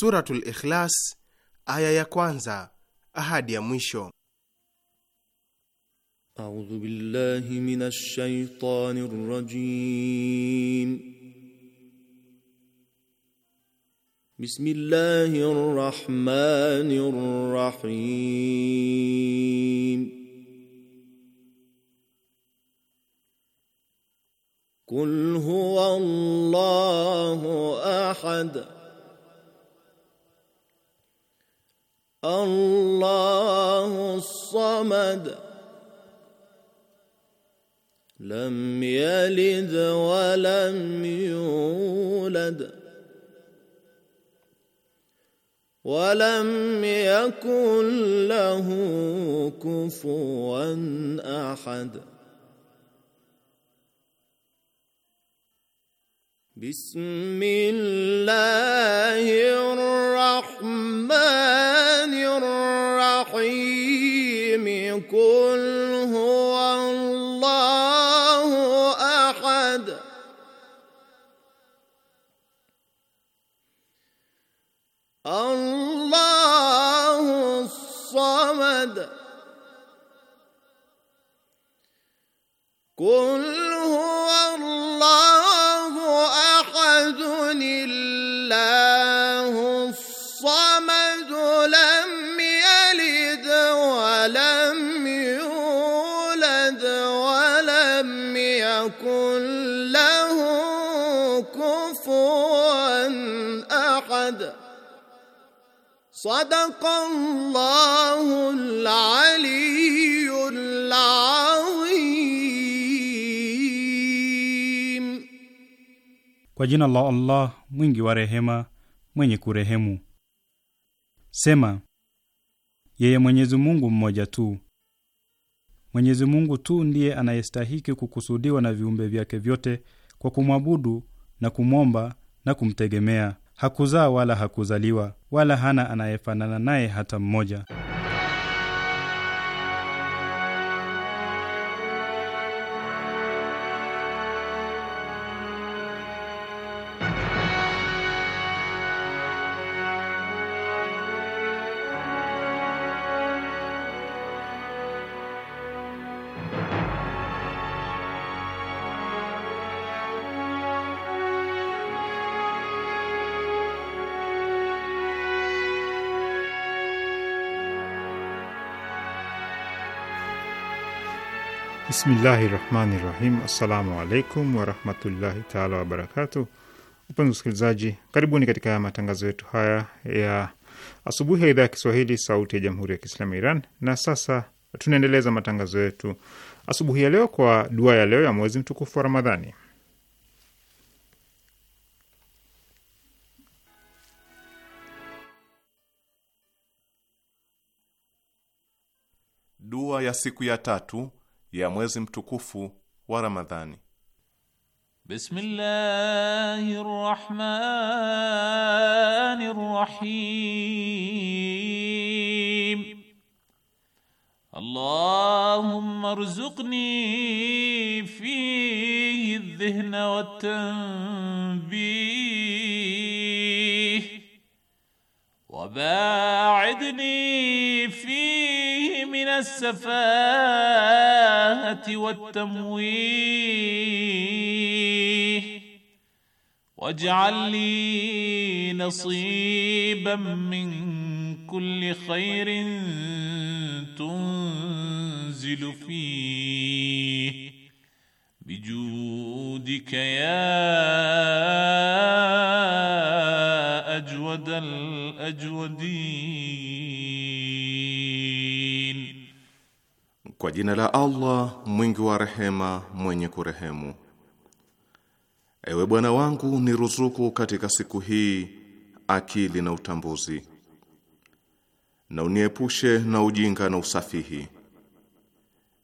Suratul Ikhlas aya ya kwanza ahadi ya mwisho. A'udhu billahi minash shaitanir rajim. Bismillahir rahmanir rahim. ولد لم يلد ولم يولد ولم يكن له كفوا احد بسم الله الرحمن الرحيم قل هو الله احد الله الصمد قل Sadaqallahul aliyyul azim. Kwa jina la Allah mwingi wa rehema mwenye kurehemu. Sema, yeye Mwenyezi Mungu mmoja tu. Mwenyezi Mungu tu ndiye anayestahiki kukusudiwa na viumbe vyake vyote kwa kumwabudu na kumwomba na kumtegemea hakuzaa wala hakuzaliwa wala hana anayefanana naye hata mmoja. Bismillahi rahmani rahim. Assalamu alaikum warahmatullahi taala wabarakatu. Upenzi msikilizaji, karibuni katika matangazo yetu haya ya asubuhi ya idhaa ya Kiswahili sauti ya jamhuri ya kiislamu ya Iran. Na sasa tunaendeleza matangazo yetu asubuhi ya leo kwa dua ya leo ya mwezi mtukufu wa Ramadhani. Dua ya siku ya tatu ya mwezi mtukufu wa Ramadhani. Bismillahir Rahmanir Rahim. Allahumma rzuqni fihi adh-dhihna wat-tanbih wa ba'idni fihi من السفاهة والتمويه واجعل لي نصيبا من كل خير تنزل فيه بجودك يا أجود الأجودين Kwa jina la Allah mwingi wa rehema mwenye kurehemu. Ewe Bwana wangu, ni ruzuku katika siku hii akili na utambuzi, na uniepushe na ujinga na usafihi,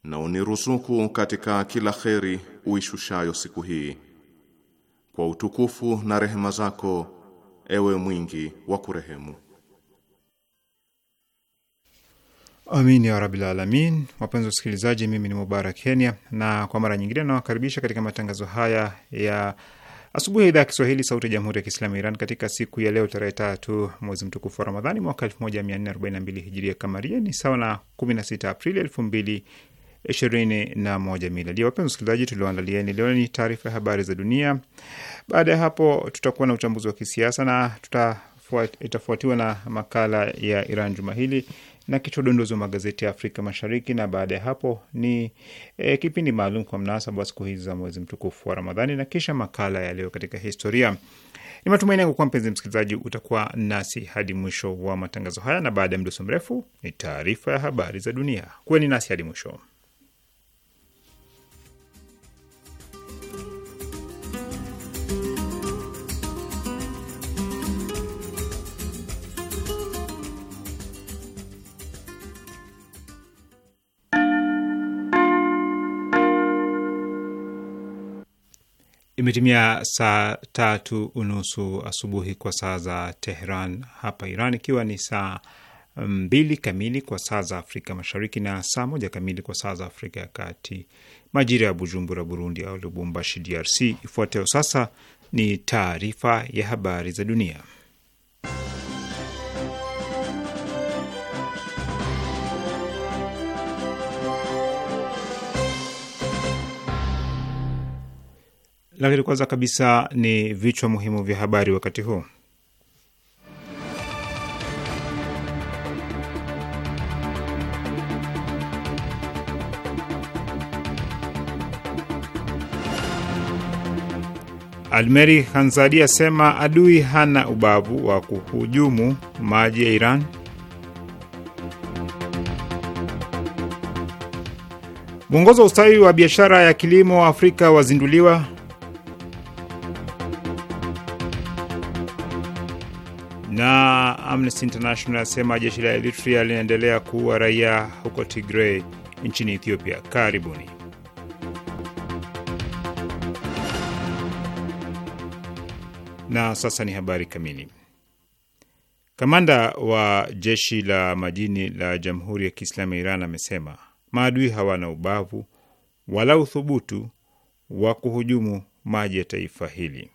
na uniruzuku katika kila kheri uishushayo siku hii, kwa utukufu na rehema zako, ewe mwingi wa kurehemu. Amin ya rabil alamin. Wapenzi wasikilizaji, mimi ni Mubarak Kenya na kwa mara nyingine nawakaribisha katika matangazo haya ya asubuhi ya idhaa ya Kiswahili sauti ya jamhuri ya kiislamu ya Iran katika siku ya leo tarehe tatu mwezi mtukufu wa Ramadhani mwaka 1442 hijiria kamaria ni sawa na 16 Aprili 2021 miladi. Wapenzi wasikilizaji, tulioandalieni leo ni taarifa ya habari za dunia. Baada ya hapo, tutakuwa na uchambuzi wa kisiasa na tuta, itafuatiwa na makala ya Iran juma hili na kichwa udondozi wa magazeti ya Afrika Mashariki, na baada ya hapo ni e, kipindi maalum kwa mnasaba wa siku hizi za mwezi mtukufu wa Ramadhani na kisha makala ya leo katika historia. Ni matumaini yangu kuwa mpenzi msikilizaji utakuwa nasi hadi mwisho wa matangazo haya, na baada ya mdoso mrefu ni taarifa ya habari za dunia. Kuweni nasi hadi mwisho. Imetimia saa tatu unusu asubuhi kwa saa za Teheran hapa Iran, ikiwa ni saa mbili kamili kwa saa za Afrika Mashariki na saa moja kamili kwa saa za Afrika ya Kati, majira ya Bujumbura, Burundi, au Lubumbashi, DRC. Ifuatayo sasa ni taarifa ya habari za dunia. Lakini kwanza kabisa ni vichwa muhimu vya habari wakati huu. Almeri Khanzadi asema adui hana ubavu wa kuhujumu maji ya Iran. Mwongozo wa ustawi wa biashara ya kilimo Afrika wazinduliwa. na Amnesty International asema jeshi la Eritrea linaendelea kuua raia huko Tigray nchini Ethiopia. Karibuni. Na sasa ni habari kamili. Kamanda wa jeshi la majini la Jamhuri ya Kiislamu ya Iran amesema maadui hawana ubavu wala uthubutu wa kuhujumu maji ya taifa hili.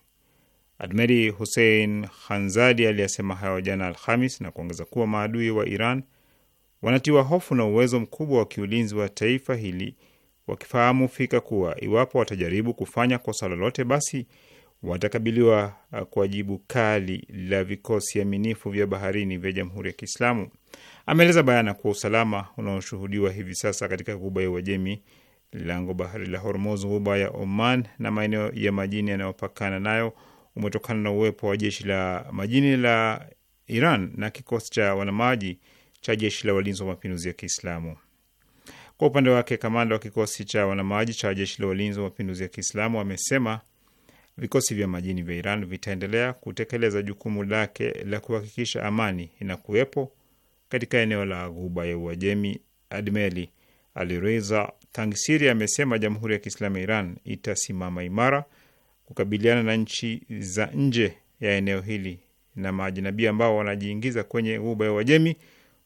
Admeri Hussein Khanzadi aliyesema hayo jana Alhamis na kuongeza kuwa maadui wa Iran wanatiwa hofu na uwezo mkubwa wa kiulinzi wa taifa hili, wakifahamu fika kuwa iwapo watajaribu kufanya kosa lolote, basi watakabiliwa uh, kwa jibu kali la vikosi aminifu vya baharini vya Jamhuri ya Kiislamu. Ameeleza bayana kuwa usalama unaoshuhudiwa hivi sasa katika Ghuba ya Uajemi, lango bahari la Hormuz, Ghuba ya Oman na maeneo ya majini yanayopakana nayo umetokana na uwepo wa jeshi la majini la Iran na kikosi cha wanamaji cha jeshi la walinzi wa mapinduzi ya Kiislamu. Kwa upande wake, kamanda wa kikosi cha wanamaji cha jeshi la walinzi wa mapinduzi ya Kiislamu amesema vikosi vya majini vya Iran vitaendelea kutekeleza jukumu lake la kuhakikisha amani inakuwepo katika eneo la Ghuba ya Uajemi. Admeli Alireza Tangsiri amesema Jamhuri ya Kiislamu ya Iran itasimama imara kukabiliana na nchi za nje ya eneo hili na maajinabii ambao wanajiingiza kwenye ghuba ya Uajemi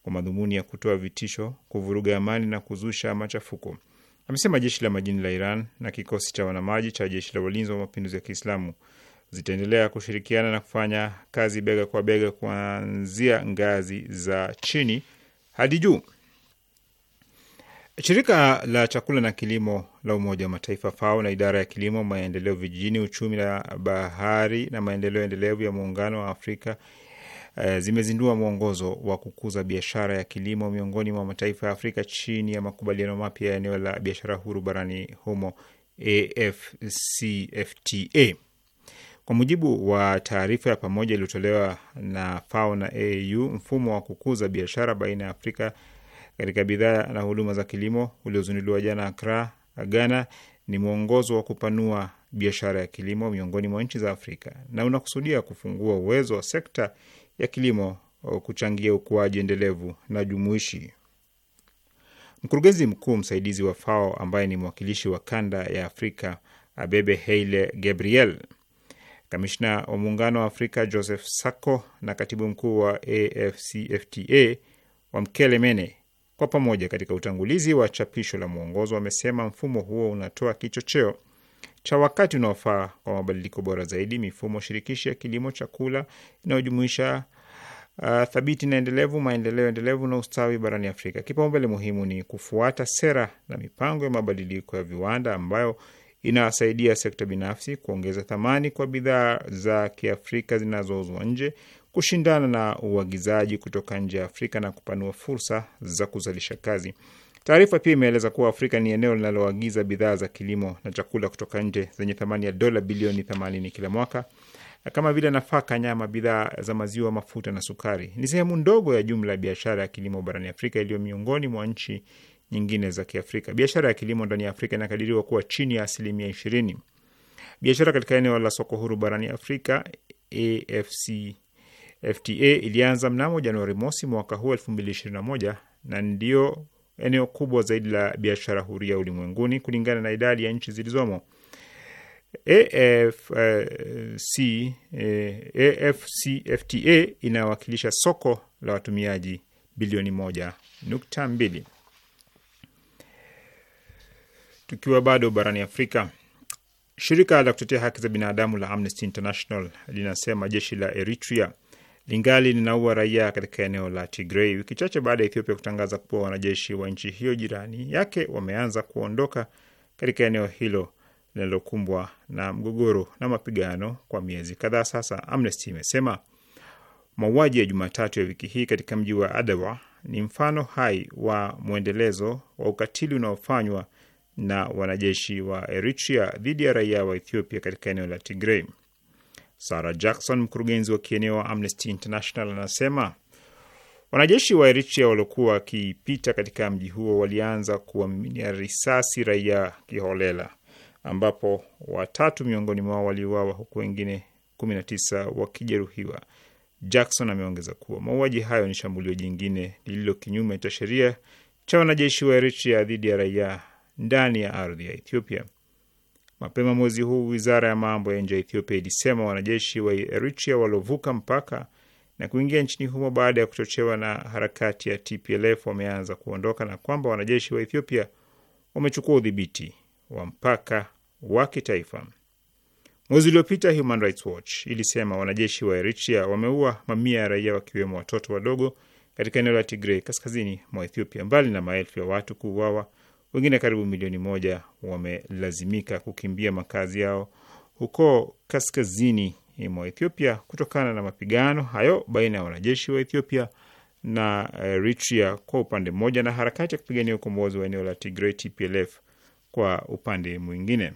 kwa madhumuni ya kutoa vitisho, kuvuruga amani na kuzusha machafuko, amesema. Jeshi la majini la Iran na kikosi cha wanamaji cha jeshi la walinzi wa mapinduzi ya Kiislamu zitaendelea kushirikiana na kufanya kazi bega kwa bega kuanzia ngazi za chini hadi juu. Shirika la chakula na kilimo la Umoja wa Mataifa FAO na idara ya kilimo, maendeleo vijijini, uchumi na bahari na maendeleo endelevu ya Muungano wa Afrika e, zimezindua mwongozo wa kukuza biashara ya kilimo miongoni mwa mataifa ya Afrika chini ya makubaliano mapya ya eneo la biashara huru barani humo AfCFTA. Kwa mujibu wa taarifa ya pamoja iliyotolewa na FAO na AU, mfumo wa kukuza biashara baina ya Afrika katika bidhaa na huduma za kilimo uliozinduliwa jana Accra, Ghana, ni mwongozo wa kupanua biashara ya kilimo miongoni mwa nchi za Afrika na unakusudia kufungua uwezo wa sekta ya kilimo kuchangia ukuaji endelevu na jumuishi. Mkurugenzi mkuu msaidizi wa FAO ambaye ni mwakilishi wa kanda ya Afrika Abebe heile Gabriel, kamishna wa muungano wa Afrika Joseph Sako na katibu mkuu wa AfCFTA wa mkele Mene kwa pamoja katika utangulizi wa chapisho la mwongozo, wamesema mfumo huo unatoa kichocheo cha wakati unaofaa kwa mabadiliko bora zaidi, mifumo shirikishi ya kilimo chakula inayojumuisha uh, thabiti na endelevu, maendeleo endelevu na ustawi barani Afrika. Kipaumbele muhimu ni kufuata sera na mipango ya mabadiliko ya viwanda ambayo inawasaidia sekta binafsi kuongeza thamani kwa bidhaa za Kiafrika zinazouzwa nje, kushindana na uagizaji kutoka nje ya Afrika na kupanua fursa za kuzalisha kazi. Taarifa pia imeeleza kuwa Afrika ni eneo linaloagiza bidhaa za kilimo na chakula kutoka nje zenye thamani ya dola bilioni 80 kila mwaka kama vile nafaka, nyama, bidhaa za maziwa, mafuta na sukari. Ni sehemu ndogo ya jumla ya biashara ya kilimo barani Afrika iliyo miongoni mwa nchi nyingine za Kiafrika. Biashara ya kilimo ndani ya Afrika inakadiriwa kuwa chini ya asilimia ishirini. Biashara katika eneo la soko huru barani Afrika AFC FTA ilianza mnamo Januari mosi mwaka huu 2021 na ndio eneo kubwa zaidi la biashara huria ulimwenguni kulingana na idadi ya nchi zilizomo. AFC, AFCFTA inawakilisha soko la watumiaji bilioni moja nukta mbili. Tukiwa bado barani Afrika, shirika la kutetea haki za binadamu la Amnesty International linasema jeshi la Eritrea lingali linaua raia katika eneo la Tigrei. Wiki chache baada ya Ethiopia kutangaza kuwa wanajeshi wa nchi hiyo jirani yake wameanza kuondoka katika eneo hilo linalokumbwa na mgogoro na mapigano kwa miezi kadhaa sasa. Amnesty imesema mauaji ya Jumatatu ya wiki hii katika mji wa Adawa ni mfano hai wa mwendelezo wa ukatili unaofanywa na wanajeshi wa Eritrea dhidi ya raia wa Ethiopia katika eneo la Tigrei. Sara Jackson, mkurugenzi wa kieneo wa Amnesty International, anasema wanajeshi wa Eritrea waliokuwa wakipita katika mji huo walianza kuwaminia risasi raia kiholela, ambapo watatu miongoni mwao waliuawa huku wengine 19 wakijeruhiwa. Jackson ameongeza kuwa mauaji hayo ni shambulio jingine lililo kinyume cha sheria cha wanajeshi wa Eritrea dhidi ya raia ndani ya ardhi ya Ethiopia. Mapema mwezi huu wizara ya mambo ya nje ya Ethiopia ilisema wanajeshi wa Eritrea waliovuka mpaka na kuingia nchini humo baada ya kuchochewa na harakati ya TPLF wameanza kuondoka na kwamba wanajeshi wa Ethiopia wamechukua udhibiti wa mpaka wa kitaifa. Mwezi uliopita Human Rights Watch ilisema wanajeshi wa Eritrea wameua mamia ya raia wakiwemo watoto wadogo katika eneo la Tigray kaskazini mwa Ethiopia. Mbali na maelfu ya watu kuuawa, wengine karibu milioni moja wamelazimika kukimbia makazi yao huko kaskazini mwa Ethiopia kutokana na mapigano hayo baina ya wanajeshi wa Ethiopia na eh, Eritrea kwa upande mmoja na harakati ya kupigania ukombozi wa eneo la Tigray TPLF kwa upande mwingine.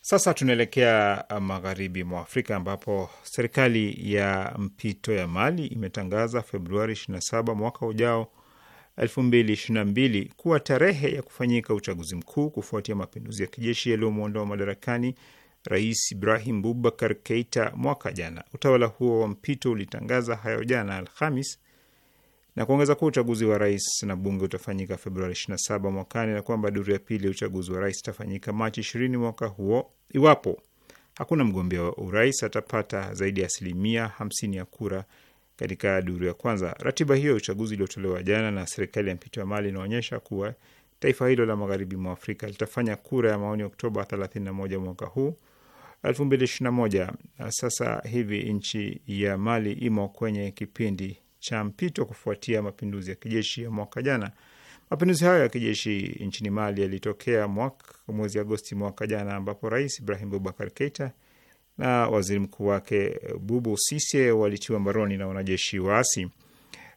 Sasa tunaelekea ah, magharibi mwa Afrika ambapo serikali ya mpito ya Mali imetangaza Februari 27 mwaka ujao 2022 kuwa tarehe ya kufanyika uchaguzi mkuu kufuatia mapinduzi ya kijeshi yaliyomwondoa madarakani Rais Ibrahim Bubakar Keita mwaka jana. Utawala huo wa mpito ulitangaza hayo jana Alhamis na kuongeza kuwa uchaguzi wa rais na bunge utafanyika Februari 27 mwakani na kwamba duru ya pili ya uchaguzi wa rais itafanyika Machi 20 mwaka huo iwapo hakuna mgombea wa urais atapata zaidi ya asilimia 50 ya kura katika duru ya kwanza. Ratiba hiyo ya uchaguzi iliyotolewa jana na serikali ya mpito ya Mali inaonyesha kuwa taifa hilo la magharibi mwa Afrika litafanya kura ya maoni Oktoba 31 mwaka huu 2021. Sasa hivi nchi ya Mali imo kwenye kipindi cha mpito kufuatia mapinduzi ya kijeshi ya mwaka jana. Mapinduzi hayo ya kijeshi nchini Mali yalitokea mwezi Agosti mwaka jana, ambapo Rais Ibrahim Bubakar Keita na waziri mkuu wake eh, Bubu Sise walitiwa mbaroni na wanajeshi waasi.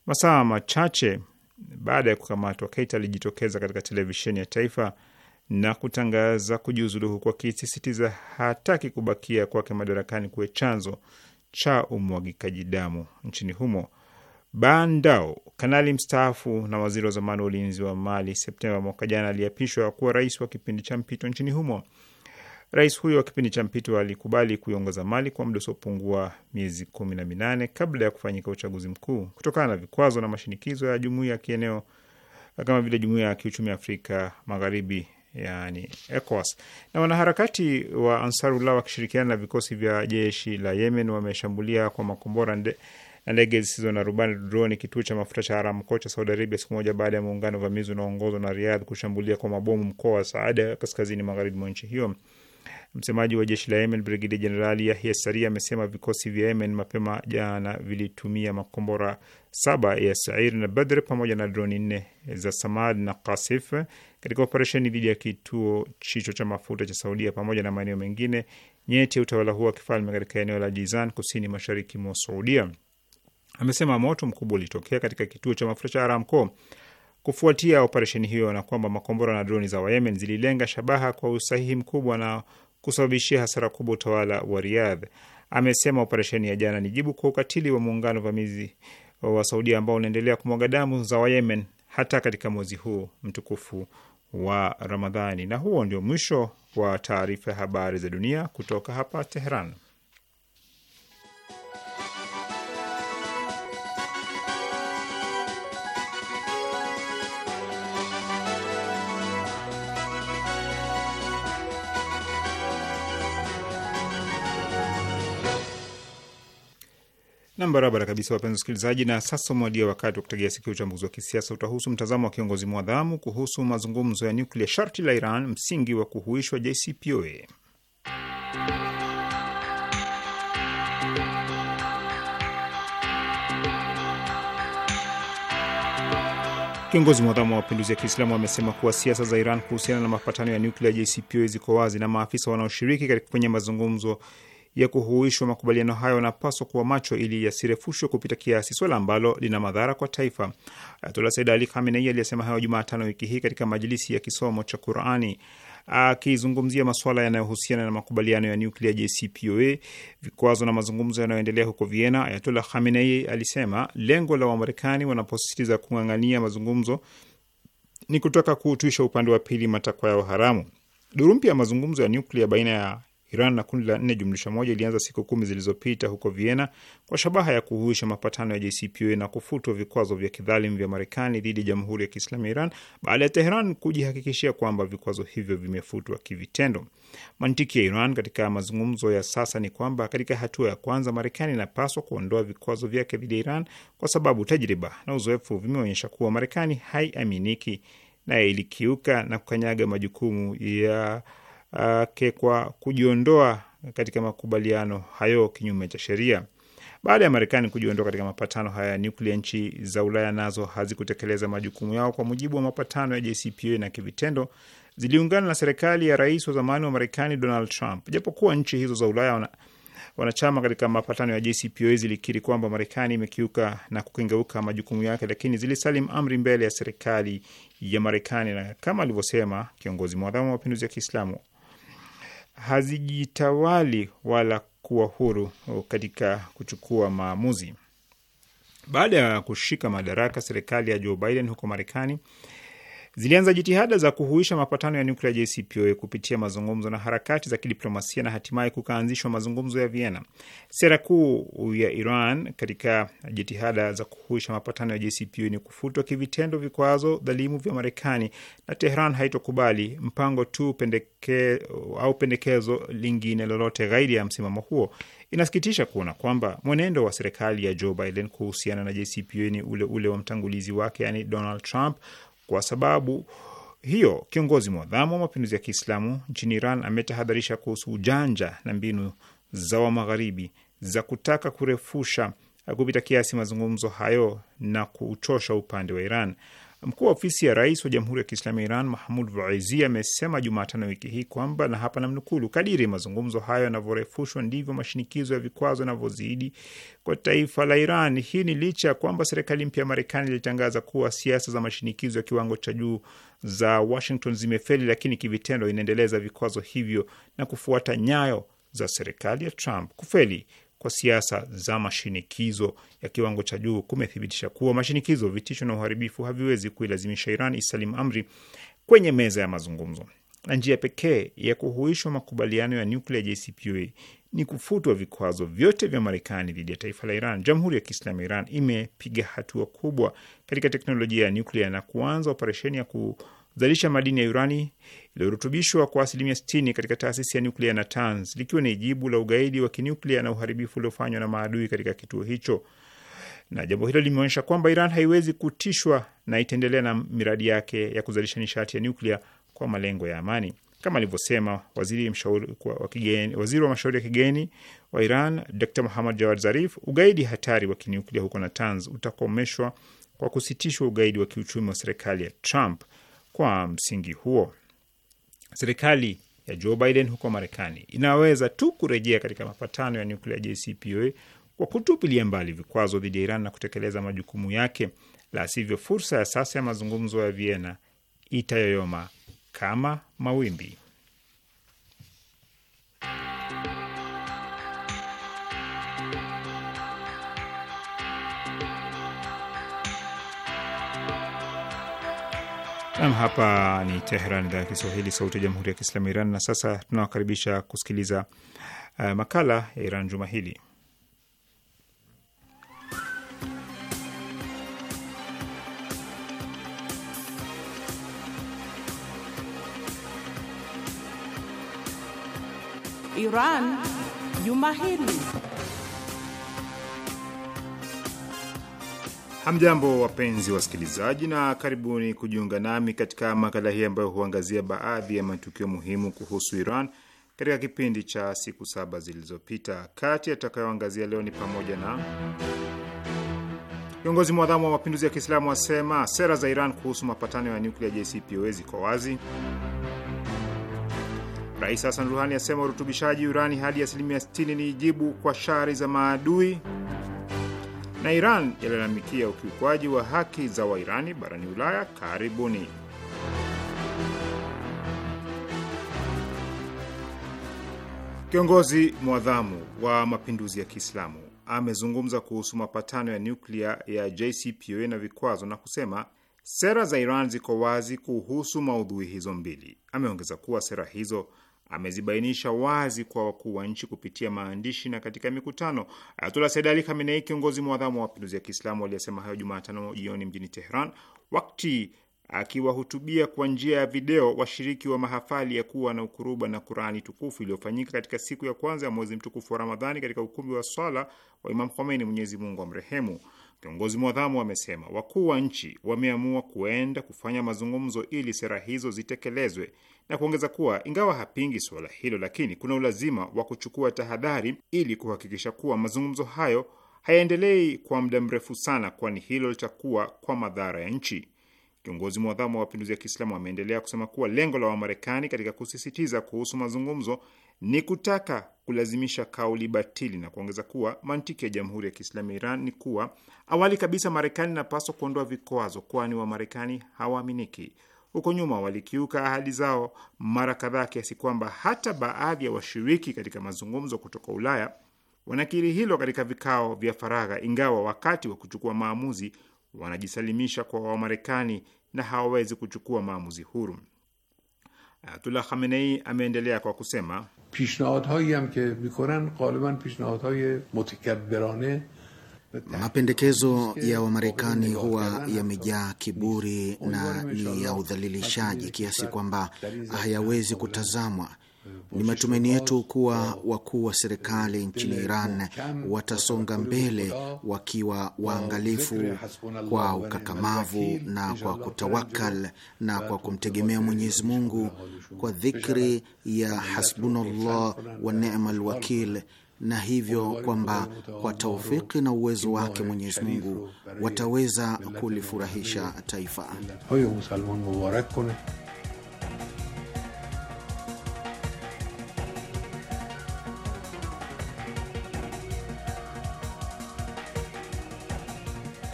Masaa machache baada ya kukamatwa, Keita alijitokeza katika televisheni ya taifa na kutangaza kujiuzulu, huku akisisitiza hataki kubakia kwake madarakani kuwe chanzo cha umwagikaji damu nchini humo. Bandao, kanali mstaafu na waziri wa zamani wa ulinzi wa Mali, Septemba mwaka jana aliapishwa kuwa rais wa kipindi cha mpito nchini humo. Rais huyo wa kipindi cha mpito alikubali kuiongoza Mali kwa muda usiopungua miezi kumi na minane kabla ya kufanyika uchaguzi mkuu. Kutokana na vikwazo na mashinikizo ya jumuiya ya kieneo kama vile jumuiya ya kiuchumi Afrika Magharibi, yani ECOWAS, na wanaharakati wa Ansarullah wakishirikiana na vikosi vya jeshi la Yemen wameshambulia kwa makombora na ndege zisizo na rubani droni kituo cha mafuta cha Aramco cha Saudi Arabia siku moja baada ya muungano vamizi unaoongozwa na Riyadh kushambulia kwa mabomu mkoa wa Saada kaskazini magharibi mwa nchi hiyo. Msemaji wa jeshi la Yemen, Brigedi Jenerali Yahya Sari, amesema vikosi vya Yemen mapema jana vilitumia makombora saba ya Sair na Badr pamoja na droni nne za Samad na Kasif katika operesheni dhidi ya kituo chicho cha mafuta cha Saudia pamoja na maeneo mengine nyeti ya utawala huo wa kifalme katika eneo la Jizan, kusini mashariki mwa Saudia. Amesema moto mkubwa ulitokea katika kituo cha mafuta cha Aramco kufuatia operesheni hiyo, na kwamba makombora na droni za Wayemen zililenga shabaha kwa usahihi mkubwa na kusababishia hasara kubwa utawala wa Riyadh. Amesema operesheni ya jana ni jibu kwa ukatili wa muungano vamizi wa Saudia ambao unaendelea kumwaga damu za Wayemen hata katika mwezi huu mtukufu wa Ramadhani. Na huo ndio mwisho wa taarifa ya habari za dunia kutoka hapa teheran Nam, barabara kabisa, wapenzi wasikilizaji, na sasa umewadia wakati wa kutegea sikio. Uchambuzi wa kisiasa utahusu mtazamo wa kiongozi mwadhamu kuhusu mazungumzo ya nyuklia, sharti la Iran, msingi wa kuhuishwa JCPOA. Kiongozi mwadhamu wa mapinduzi ya Kiislamu amesema kuwa siasa za Iran kuhusiana na mapatano ya nyuklia JCPOA ziko wazi na maafisa wanaoshiriki kwenye mazungumzo ya kuhuishwa makubaliano hayo yanapaswa kuwa macho ili yasirefushwe kupita kiasi, swala ambalo lina madhara kwa taifa. Ayatullah Said Ali Khamenei aliyesema hayo Jumatano wiki hii katika majilisi ya kisomo cha Qurani akizungumzia masuala yanayohusiana na makubaliano ya nuklia JCPOA, vikwazo na mazungumzo yanayoendelea huko Vienna. Ayatullah Khamenei alisema lengo la Wamarekani wanaposisitiza kung'ang'ania mazungumzo ni kutaka kutuisha upande wa pili matakwa yao haramu. Duru mpya ya mazungumzo ya nuklia baina ya Iran na kundi la nne jumlisha moja ilianza siku kumi zilizopita huko Vienna kwa shabaha ya kuhuisha mapatano ya JCPOA na kufutwa vikwazo vya kidhalimu vya Marekani dhidi ya Jamhuri ya Kiislamu ya Iran baada ya Teheran kujihakikishia kwamba vikwazo hivyo vimefutwa kivitendo. Mantiki ya Iran katika mazungumzo ya sasa ni kwamba katika hatua ya kwanza, Marekani inapaswa kuondoa vikwazo vyake dhidi ya Iran kwa sababu tajriba na uzoefu vimeonyesha kuwa Marekani haiaminiki na ilikiuka na kukanyaga majukumu ya yake kwa kujiondoa katika makubaliano hayo kinyume cha sheria. Baada ya Marekani kujiondoa katika mapatano haya ya nyuklia, nchi za Ulaya nazo hazikutekeleza majukumu yao kwa mujibu wa mapatano ya JCPOA na kivitendo ziliungana na serikali ya rais wa zamani wa Marekani Donald Trump. Japokuwa nchi hizo za Ulaya wana, wanachama katika mapatano ya JCPOA zilikiri kwamba Marekani imekiuka na kukengeuka majukumu yake, lakini zilisalim amri mbele ya serikali ya Marekani na kama alivyosema kiongozi mwadhamu wa mapinduzi ya Kiislamu hazijitawali wala kuwa huru katika kuchukua maamuzi. Baada ya kushika madaraka serikali ya Joe Biden huko Marekani zilianza jitihada za kuhuisha mapatano ya nuklia JCPOA kupitia mazungumzo na harakati za kidiplomasia na hatimaye kukaanzishwa mazungumzo ya Vienna. Sera kuu ya Iran katika jitihada za kuhuisha mapatano ya JCPOA ni kufutwa kivitendo vikwazo dhalimu vya Marekani, na Tehran haitokubali mpango tu pendeke, au pendekezo lingine lolote ghairi ya msimamo huo. Inasikitisha kuona kwamba mwenendo wa serikali ya Joe Biden kuhusiana na JCPOA ni ule ule wa mtangulizi wake, yani Donald Trump kwa sababu hiyo kiongozi mwadhamu wa mapinduzi ya Kiislamu nchini Iran ametahadharisha kuhusu ujanja na mbinu za wa magharibi za kutaka kurefusha kupita kiasi mazungumzo hayo na kuuchosha upande wa Iran. Mkuu wa ofisi ya rais wa Jamhuri ya Kiislamu ya Iran Mahmud Vaizi amesema Jumatano wiki hii kwamba, na hapa namnukulu, kadiri mazungumzo hayo yanavyorefushwa ndivyo mashinikizo ya vikwazo yanavyozidi kwa taifa la Iran. Hii ni licha ya kwamba serikali mpya ya Marekani ilitangaza kuwa siasa za mashinikizo ya kiwango cha juu za Washington zimefeli, lakini kivitendo inaendeleza vikwazo hivyo na kufuata nyayo za serikali ya Trump. Kufeli kwa siasa za mashinikizo ya kiwango cha juu kumethibitisha kuwa mashinikizo, vitisho na uharibifu haviwezi kuilazimisha Iran isalim amri kwenye meza ya mazungumzo, na njia pekee ya kuhuishwa makubaliano ya nyuklia JCPOA ni kufutwa vikwazo vyote vya Marekani dhidi ya taifa la Iran. Jamhuri ya Kiislamu ya Iran imepiga hatua kubwa katika teknolojia ya nuklia na kuanza operesheni ya ku kuzalisha madini ya urani iliyorutubishwa kwa asilimia 60 katika taasisi ya nyuklia na Natanz, likiwa ni jibu la ugaidi wa kinuklia na uharibifu uliofanywa na maadui katika kituo hicho. Na jambo hilo limeonyesha kwamba Iran haiwezi kutishwa na itaendelea na miradi yake ya kuzalisha nishati ya nyuklia kwa malengo ya amani, kama alivyosema waziri mshauri wa kigeni, waziri wa mashauri ya kigeni wa Iran Dr. Muhammad Jawad Zarif. Ugaidi hatari wa kinuklia huko Natanz utakomeshwa kwa kusitishwa ugaidi wa kiuchumi wa serikali ya Trump. Kwa msingi huo, serikali ya Joe Biden huko Marekani inaweza tu kurejea katika mapatano ya nyuklia JCPOA kwa kutupilia mbali vikwazo dhidi ya Iran na kutekeleza majukumu yake, la sivyo fursa ya sasa ya mazungumzo ya Vienna itayoyoma kama mawimbi. Nam, hapa ni Teheran, idhaa ya Kiswahili, sauti ya jamhuri ya kiislamu ya Iran. Na sasa tunawakaribisha kusikiliza uh, makala ya Iran juma hili. Iran juma hili. Hamjambo, wapenzi wasikilizaji, na karibuni kujiunga nami katika makala hii ambayo huangazia baadhi ya matukio muhimu kuhusu Iran katika kipindi cha siku saba zilizopita. Kati atakayoangazia leo ni pamoja na kiongozi mwadhamu wa mapinduzi ya Kiislamu asema sera za Iran kuhusu mapatano ya nyuklia JCPOA ziko wazi. Rais Hasan Ruhani asema urutubishaji urani hadi asilimia 60 ni jibu kwa shari za maadui na Iran yalalamikia ukiukwaji wa haki za Wairani barani Ulaya. Karibuni. Kiongozi mwadhamu wa mapinduzi ya Kiislamu amezungumza kuhusu mapatano ya nyuklia ya JCPOA na vikwazo na kusema sera za Iran ziko wazi kuhusu maudhui hizo mbili. Ameongeza kuwa sera hizo amezibainisha wazi kwa wakuu wa nchi kupitia maandishi na katika mikutano. Ayatullah Said Ali Khamenei, kiongozi mwadhamu wa mapinduzi ya Kiislamu, aliyesema hayo Jumatano jioni mjini Tehran wakati akiwahutubia kwa njia ya video washiriki wa mahafali ya kuwa na ukuruba na Qurani tukufu iliyofanyika katika siku ya kwanza ya mwezi mtukufu wa Ramadhani katika ukumbi wa swala wa Imam Khomeini, Mwenyezi Mungu amrehemu. Kiongozi mwadhamu amesema wakuu wa nchi wameamua kuenda kufanya mazungumzo ili sera hizo zitekelezwe na kuongeza kuwa ingawa hapingi suala hilo, lakini kuna ulazima wa kuchukua tahadhari ili kuhakikisha kuwa mazungumzo hayo hayaendelei kwa muda mrefu sana, kwani hilo litakuwa kwa madhara ya nchi. Kiongozi mwadhamu wa mapinduzi ya Kiislamu ameendelea kusema kuwa lengo la Wamarekani katika kusisitiza kuhusu mazungumzo ni kutaka kulazimisha kauli batili, na kuongeza kuwa mantiki ya Jamhuri ya Kiislamu ya Iran ni kuwa awali kabisa Marekani inapaswa kuondoa vikwazo, kwani Wamarekani hawaaminiki huko nyuma walikiuka ahadi zao mara kadhaa kiasi kwamba hata baadhi ya washiriki katika mazungumzo kutoka Ulaya wanakiri hilo katika vikao vya faragha, ingawa wakati wa kuchukua maamuzi wanajisalimisha kwa Wamarekani na hawawezi kuchukua maamuzi huru. Ayatullah Khamenei ameendelea kwa kusema pishnahadhai am ke mikonan ghaliban pishnahadhai mutakabbarane Mapendekezo ya Wamarekani huwa yamejaa kiburi na ni ya udhalilishaji kiasi kwamba hayawezi kutazamwa. Ni matumaini yetu kuwa wakuu wa serikali nchini Iran watasonga mbele wakiwa waangalifu, kwa ukakamavu na kwa kutawakal na kwa kumtegemea Mwenyezi Mungu, kwa dhikri ya hasbunallah wa ni'mal wakil na hivyo kwamba kwa taufiki na uwezo wake Mwenyezi Mungu wataweza kulifurahisha taifa.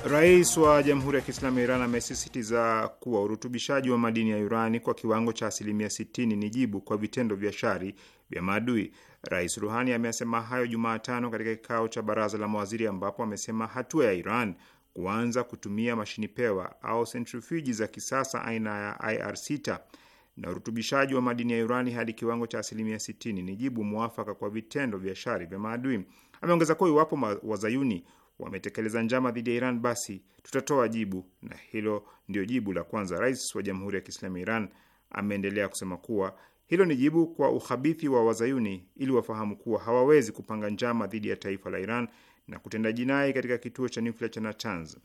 Rais wa Jamhuri ya Kiislamu ya Iran amesisitiza kuwa urutubishaji wa madini ya urani kwa kiwango cha asilimia 60 ni jibu kwa vitendo vya shari vya maadui. Rais Ruhani amesema hayo Jumatano katika kikao cha baraza la mawaziri ambapo amesema hatua ya Iran kuanza kutumia mashini pewa au sentrifuji za kisasa aina ya IR6 na urutubishaji wa madini ya urani hadi kiwango cha asilimia 60 ni jibu mwafaka kwa vitendo vya shari vya maadui. Ameongeza kuwa iwapo wazayuni wametekeleza njama dhidi ya Iran, basi tutatoa jibu, na hilo ndio jibu la kwanza. Rais wa Jamhuri ya Kiislamu ya Iran ameendelea kusema kuwa hilo ni jibu kwa uhabithi wa wazayuni ili wafahamu kuwa hawawezi kupanga njama dhidi ya taifa la Iran na kutenda jinai katika kituo cha nuklia cha Natanz.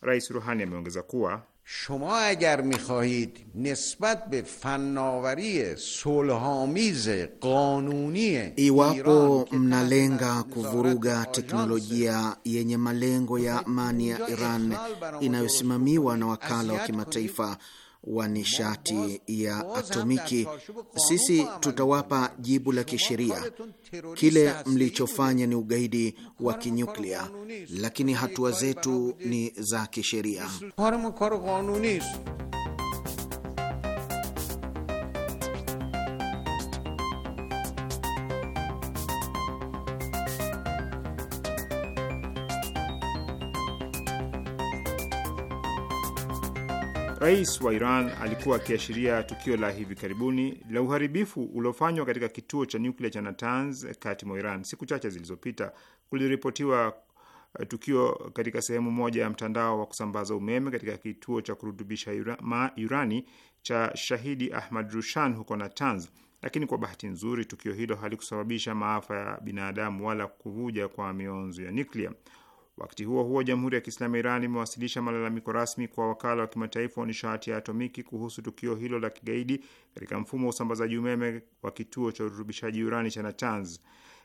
Rais Ruhani ameongeza kuwa shoma agar mikhahid nisbat be fannawari e sulhamiz qanuni, e iwapo mnalenga kuvuruga teknolojia yenye malengo ya amani ya Iran inayosimamiwa na wakala wa kimataifa wa nishati ya atomiki, sisi tutawapa jibu la kisheria. Kile mlichofanya ni ugaidi wa kinyuklia, lakini hatua zetu ni za kisheria. Rais wa Iran alikuwa akiashiria tukio la hivi karibuni la uharibifu uliofanywa katika kituo cha nyuklia cha Natanz kati mwa Iran. Siku chache zilizopita kuliripotiwa eh, tukio katika sehemu moja ya mtandao wa kusambaza umeme katika kituo cha kurutubisha urani cha Shahidi Ahmad Rushan huko Natanz, lakini kwa bahati nzuri tukio hilo halikusababisha maafa ya binadamu wala kuvuja kwa mionzo ya nyuklia. Wakati huo huo, Jamhuri ya Kiislamu ya Iran imewasilisha malalamiko rasmi kwa wakala wa kimataifa wa nishati ya atomiki kuhusu tukio hilo la kigaidi katika mfumo wa usambazaji umeme wa kituo cha urutubishaji urani cha Natanz.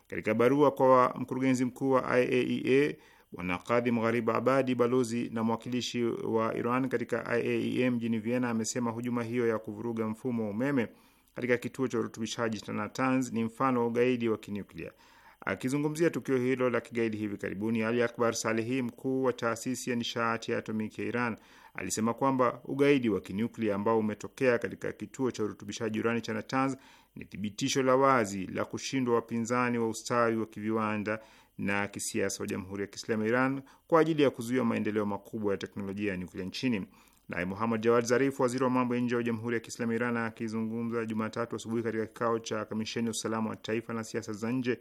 Katika barua kwa mkurugenzi mkuu wa IAEA e Bwana Kadhi Mghariba Abadi, balozi na mwakilishi wa Iran katika IAEA e mjini Vienna, amesema hujuma hiyo ya kuvuruga mfumo wa umeme katika kituo cha urutubishaji cha Natanz ni mfano wa ugaidi wa kinuklia. Akizungumzia tukio hilo la kigaidi hivi karibuni, Ali Akbar Salehi, mkuu wa taasisi ya nishati ya atomiki ya Iran, alisema kwamba ugaidi wa kinyuklia ambao umetokea katika kituo cha urutubishaji urani cha Natanz ni thibitisho la wazi la kushindwa wapinzani wa ustawi wa kiviwanda na kisiasa wa Jamhuri ya Kiislamu ya Iran kwa ajili ya kuzuia maendeleo makubwa ya teknolojia ya nyuklia nchini. Naye Muhammad Jawad Zarif, waziri wa mambo ya nje wa Jamhuri ya Kiislamu ya Iran, akizungumza Jumatatu asubuhi katika kikao cha kamisheni ya usalama wa taifa na siasa za nje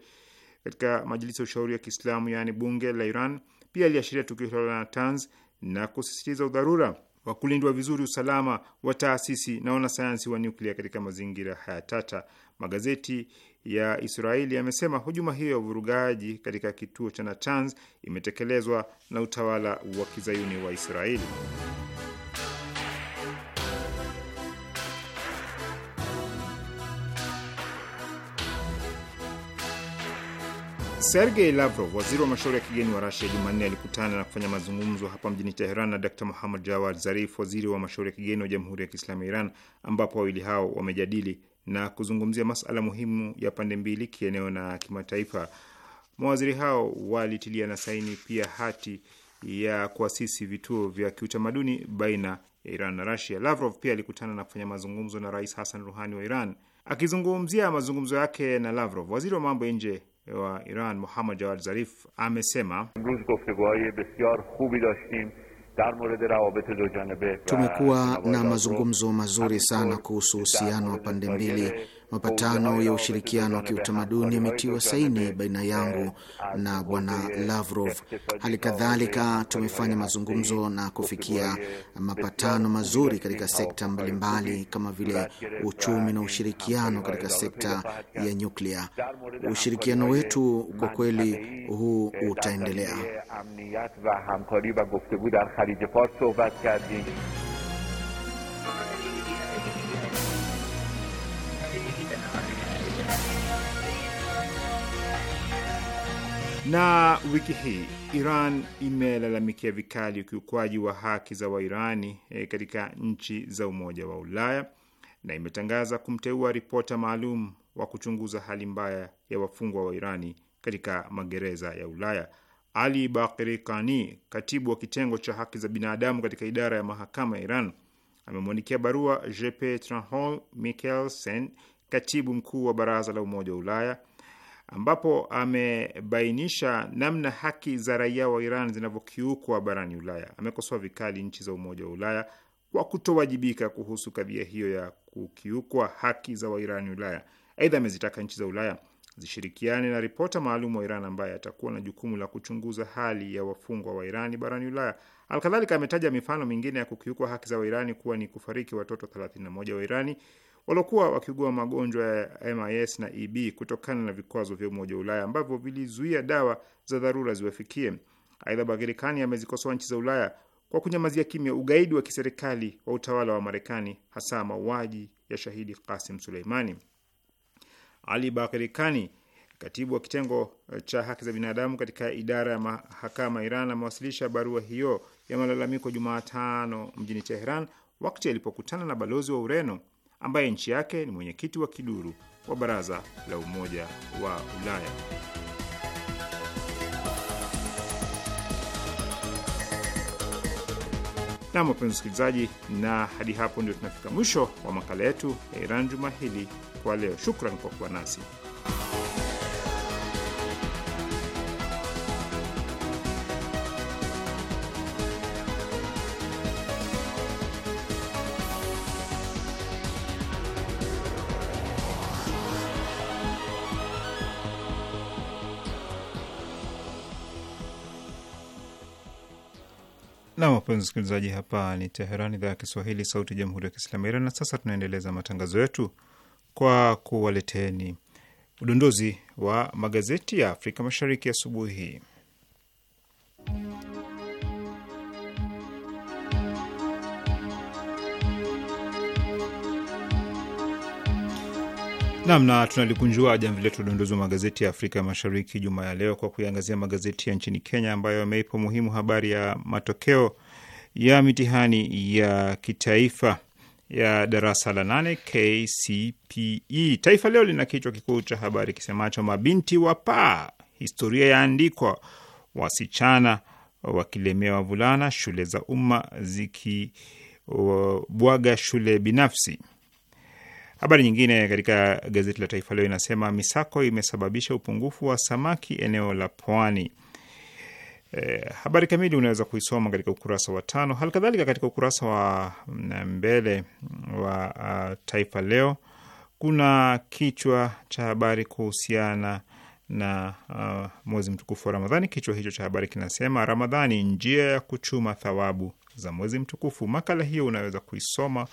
katika Majilisi ya Ushauri ya Kiislamu, yaani bunge la Iran. Pia aliashiria tukio hilo la Natanz na kusisitiza udharura wa kulindwa vizuri usalama wa taasisi na wanasayansi wa nyuklia katika mazingira haya tata. Magazeti ya Israeli yamesema hujuma hiyo ya uvurugaji katika kituo cha Natanz imetekelezwa na utawala wa kizayuni wa Israeli. Sergei Lavrov, waziri wa mashauri ya kigeni wa Rasia, Jumanne alikutana na kufanya mazungumzo hapa mjini Teheran na Dr Muhammad Jawad Zarif, waziri wa mashauri ya kigeni wa Jamhuri ya Kiislamu ya Iran, ambapo wawili hao wamejadili na kuzungumzia masala muhimu ya pande mbili, kieneo na kimataifa. Mawaziri hao walitilia na saini pia hati ya kuasisi vituo vya kiutamaduni baina ya Iran na Rasia. Lavrov pia alikutana na kufanya mazungumzo na Rais Hassan Ruhani wa Iran. Akizungumzia mazungumzo yake na Lavrov, waziri wa mambo ya nje wa Iran Muhammad Jawad Zarif amesema tumekuwa na mazungumzo mazuri sana kuhusu uhusiano wa pande mbili Mapatano ya ushirikiano wa kiutamaduni yametiwa saini baina yangu na Bwana Lavrov. Hali kadhalika tumefanya mazungumzo na kufikia mapatano mazuri katika sekta mbalimbali kama vile uchumi na ushirikiano katika sekta ya nyuklia. Ushirikiano wetu kwa kweli huu utaendelea. Na wiki hii Iran imelalamikia vikali ukiukwaji wa haki za Wairani e, katika nchi za Umoja wa Ulaya na imetangaza kumteua ripota maalum wa kuchunguza hali mbaya ya wafungwa wa Irani katika magereza ya Ulaya. Ali Bakiri Kani, katibu wa kitengo cha haki za binadamu katika idara ya mahakama ya Iran, amemwandikia barua JP Tranhol Mikkelsen, katibu mkuu wa baraza la Umoja wa Ulaya ambapo amebainisha namna haki za raia wa Iran zinavyokiukwa barani Ulaya. Amekosoa vikali nchi za Umoja wa Ulaya kwa kutowajibika kuhusu kadhia hiyo ya kukiukwa haki za Wairani Ulaya. Aidha, amezitaka nchi za Ulaya zishirikiane na ripota maalum wa Iran ambaye atakuwa na jukumu la kuchunguza hali ya wafungwa wa Irani barani Ulaya. Alkadhalika ametaja mifano mingine ya kukiukwa haki za Wairani kuwa ni kufariki watoto 31 wa Irani, waliokuwa wakiugua magonjwa ya MIS na EB kutokana na vikwazo vya Umoja wa Ulaya ambavyo vilizuia dawa za dharura ziwafikie. Aidha, Bagirikani amezikosoa nchi za Ulaya kwa kunyamazia kimya ugaidi wa kiserikali wa utawala wa Marekani, hasa mauaji ya shahidi Kasim Suleimani. Ali Bagirikani, katibu wa kitengo eh, cha haki za binadamu katika idara ya mahakama Iran, amewasilisha barua hiyo ya malalamiko Jumatano mjini Teheran wakati alipokutana na balozi wa Ureno ambaye nchi yake ni mwenyekiti wa kiduru wa baraza la Umoja wa Ulaya. Nam, wapenzi usikilizaji na hadi hapo ndio tunafika mwisho wa makala yetu ya Iran juma hili kwa leo. Shukran kwa kuwa nasi. Na wapenzi msikilizaji, hapa ni Teheran, idhaa ya Kiswahili, sauti ya jamhuri ya kiislamu Iran. Na sasa tunaendeleza matangazo yetu kwa kuwaleteni udondozi wa magazeti ya Afrika Mashariki asubuhi hii. Nam na tunalikunjua jamvi letu dondozi wa magazeti ya Afrika Mashariki juma ya leo kwa kuiangazia magazeti ya nchini Kenya ambayo yameipa muhimu habari ya matokeo ya mitihani ya kitaifa ya darasa la nane KCPE. Taifa Leo lina kichwa kikuu cha habari kisemacho mabinti wa paa, historia yaandikwa, wasichana wakilemea wavulana, shule za umma zikibwaga shule binafsi. Habari nyingine katika gazeti la Taifa Leo inasema misako imesababisha upungufu wa samaki eneo la pwani. E, habari kamili unaweza kuisoma katika ukurasa wa tano. Halikadhalika katika ukurasa wa mm, mbele mm, wa uh, Taifa Leo kuna kichwa cha habari kuhusiana na uh, mwezi mtukufu wa Ramadhani. Kichwa hicho cha habari kinasema Ramadhani, njia ya kuchuma thawabu za mwezi mtukufu. Makala hiyo unaweza kuisoma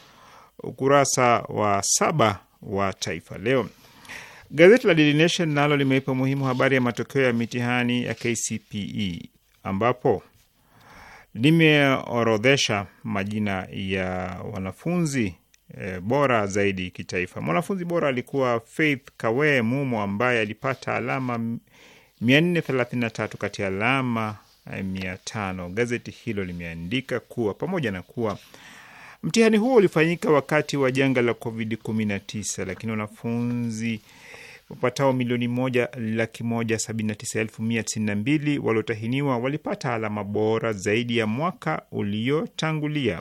ukurasa wa saba wa Taifa Leo. Gazeti la Daily Nation nalo limeipa muhimu habari ya matokeo ya mitihani ya KCPE ambapo limeorodhesha majina ya wanafunzi e, bora zaidi kitaifa. Mwanafunzi bora alikuwa Faith Kawe Mumo ambaye alipata alama 433 kati ya alama 500. E, Gazeti hilo limeandika kuwa pamoja na kuwa Mtihani huo ulifanyika wakati wa janga la COVID-19, lakini wanafunzi wapatao milioni moja laki moja sabini na tisa elfu mia tisini na mbili waliotahiniwa walipata alama bora zaidi ya mwaka uliotangulia.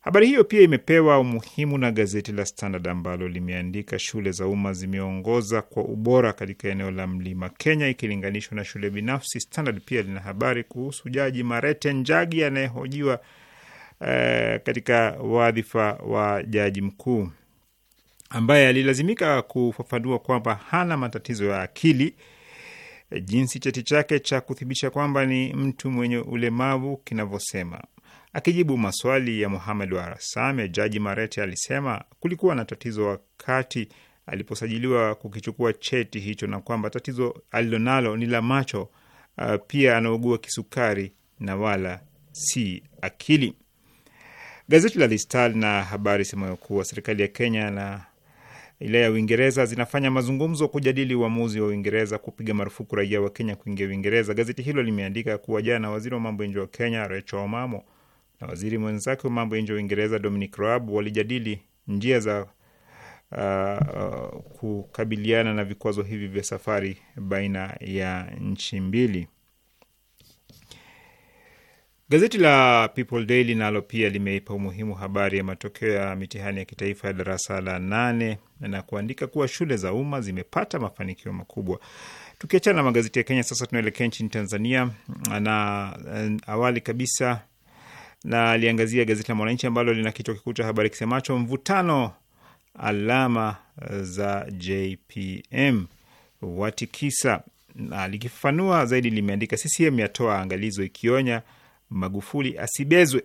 Habari hiyo pia imepewa umuhimu na gazeti la Standard ambalo limeandika shule za umma zimeongoza kwa ubora katika eneo la mlima Kenya ikilinganishwa na shule binafsi. Standard pia lina habari kuhusu Jaji Marete Njagi anayehojiwa Eh, katika wadhifa wa jaji mkuu ambaye alilazimika kufafanua kwamba hana matatizo ya akili, jinsi cheti chake cha kuthibitisha kwamba ni mtu mwenye ulemavu kinavyosema. Akijibu maswali ya muhamed Warasame, jaji Marete alisema kulikuwa na tatizo wakati aliposajiliwa kukichukua cheti hicho, na kwamba tatizo alilonalo ni la macho. Uh, pia anaugua kisukari na wala si akili. Gazeti la The Star na habari semayo kuwa serikali ya Kenya na ile ya Uingereza zinafanya mazungumzo kujadili uamuzi wa Uingereza kupiga marufuku raia wa Kenya kuingia Uingereza. Gazeti hilo limeandika kuwa jana waziri wa mambo ya nje wa Kenya Rachel Omamo na waziri mwenzake wa mambo ya nje wa Uingereza Dominic Raab walijadili njia za uh, uh kukabiliana na vikwazo hivi vya safari baina ya nchi mbili. Gazeti la People Daily nalo pia limeipa umuhimu habari ya matokeo ya mitihani ya kitaifa ya darasa la nane na kuandika kuwa shule za umma zimepata mafanikio makubwa. Tukiachana na magazeti ya Kenya, sasa tunaelekea nchini Tanzania na eh, awali kabisa na aliangazia gazeti la Mwananchi ambalo lina kichwa kikuu cha habari kisemacho mvutano alama eh, za JPM watikisa, na likifafanua zaidi limeandika CCM yatoa angalizo ikionya Magufuli asibezwe.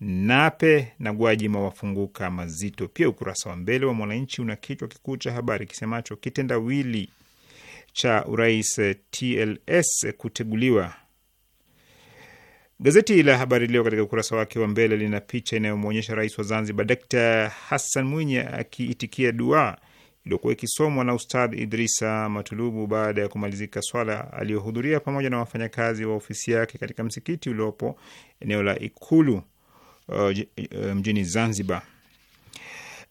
Nape na Gwajima wafunguka mazito. Pia ukurasa wa mbele wa Mwananchi una kichwa kikuu cha habari kisemacho kitendawili cha urais TLS kuteguliwa. Gazeti la Habari Leo katika ukurasa wake wa mbele lina picha inayomwonyesha rais wa Zanzibar Dkt Hassan Mwinyi akiitikia duaa iliyokuwa ikisomwa na Ustadh Idrisa Matulubu baada ya kumalizika swala aliyohudhuria pamoja na wafanyakazi wa ofisi yake katika msikiti uliopo eneo la Ikulu uh, uh, mjini Zanzibar.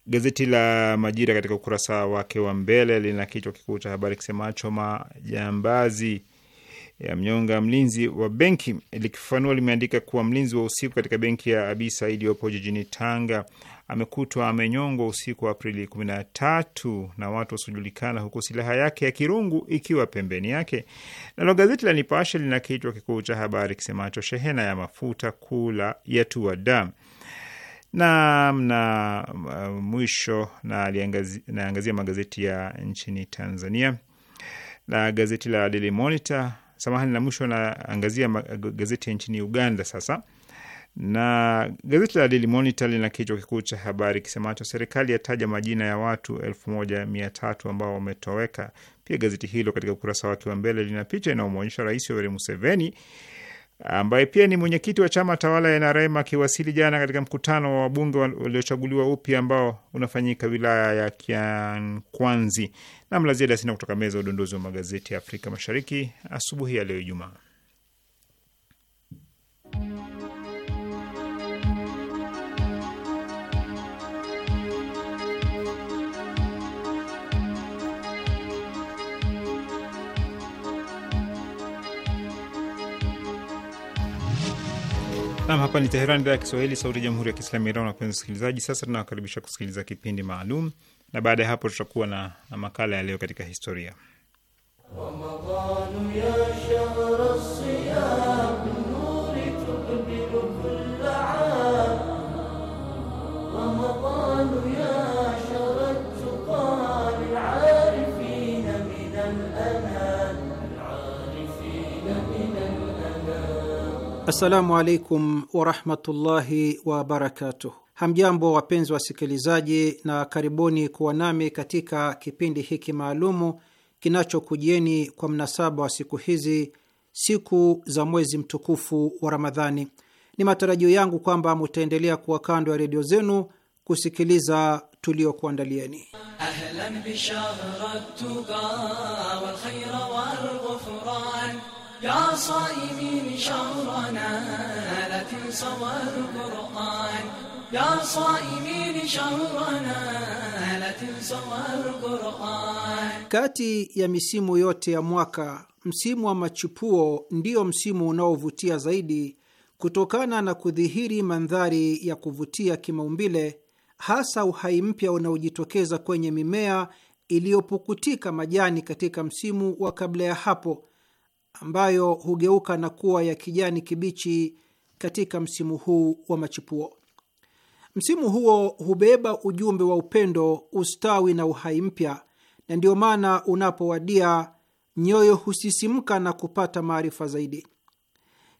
Gazeti la Majira katika ukurasa wake wa mbele lina kichwa kikuu cha habari kisemacho majambazi ya mnyonga mlinzi wa benki. likifanua limeandika kuwa mlinzi wa usiku katika benki ya Abisa iliyopo jijini Tanga amekutwa amenyongwa usiku wa Aprili 13 na watu wasiojulikana, huku silaha yake ya kirungu ikiwa pembeni yake. Nalo gazeti la Nipashe lina kichwa kikuu cha habari kisemacho shehena ya mafuta kula yatua damu na mna mwisho na naangazia magazeti ya nchini Tanzania na gazeti la Daily Monitor samahani, na mwisho naangazia gazeti ya nchini Uganda sasa, na gazeti la Daily Monitor lina kichwa kikuu cha habari kisemacho serikali yataja majina ya watu elfu moja mia tatu ambao wametoweka. Pia gazeti hilo katika ukurasa wake wa mbele lina picha inayomwonyesha Rais Yoweri Museveni ambaye pia ni mwenyekiti wa chama tawala ya NRM akiwasili jana katika mkutano wa wabunge waliochaguliwa upya ambao unafanyika wilaya ya Kiankwanzi. Na mlazia dasina kutoka meza ya udondozi wa magazeti ya Afrika Mashariki asubuhi ya leo Ijumaa. Nam, hapa ni Teheran, idhaa ya Kiswahili, sauti ya jamhuri ya kiislamu ya Iran. Wapenzi wasikilizaji, sasa tunawakaribisha kusikiliza kipindi maalum, na baada ya hapo tutakuwa na, na makala ya leo katika historia Ramadhanu ya Assalamu alaikum warahmatullahi wabarakatuh. Hamjambo wapenzi wasikilizaji, na karibuni kuwa nami katika kipindi hiki maalumu kinachokujieni kwa mnasaba wa siku hizi, siku za mwezi mtukufu wa Ramadhani. Ni matarajio yangu kwamba mutaendelea kuwa kando ya redio zenu kusikiliza tuliokuandalieni. يا صائمين شهرنا لا تنسوا القرآن يا صائمين شهرنا لا تنسوا Kati ya misimu yote ya mwaka, msimu wa machipuo ndiyo msimu unaovutia zaidi kutokana na kudhihiri mandhari ya kuvutia kimaumbile, hasa uhai mpya unaojitokeza kwenye mimea iliyopukutika majani katika msimu wa kabla ya hapo ambayo hugeuka na kuwa ya kijani kibichi katika msimu huu wa machipuo. Msimu huo hubeba ujumbe wa upendo, ustawi na uhai mpya, na ndiyo maana unapowadia nyoyo husisimka na kupata maarifa zaidi.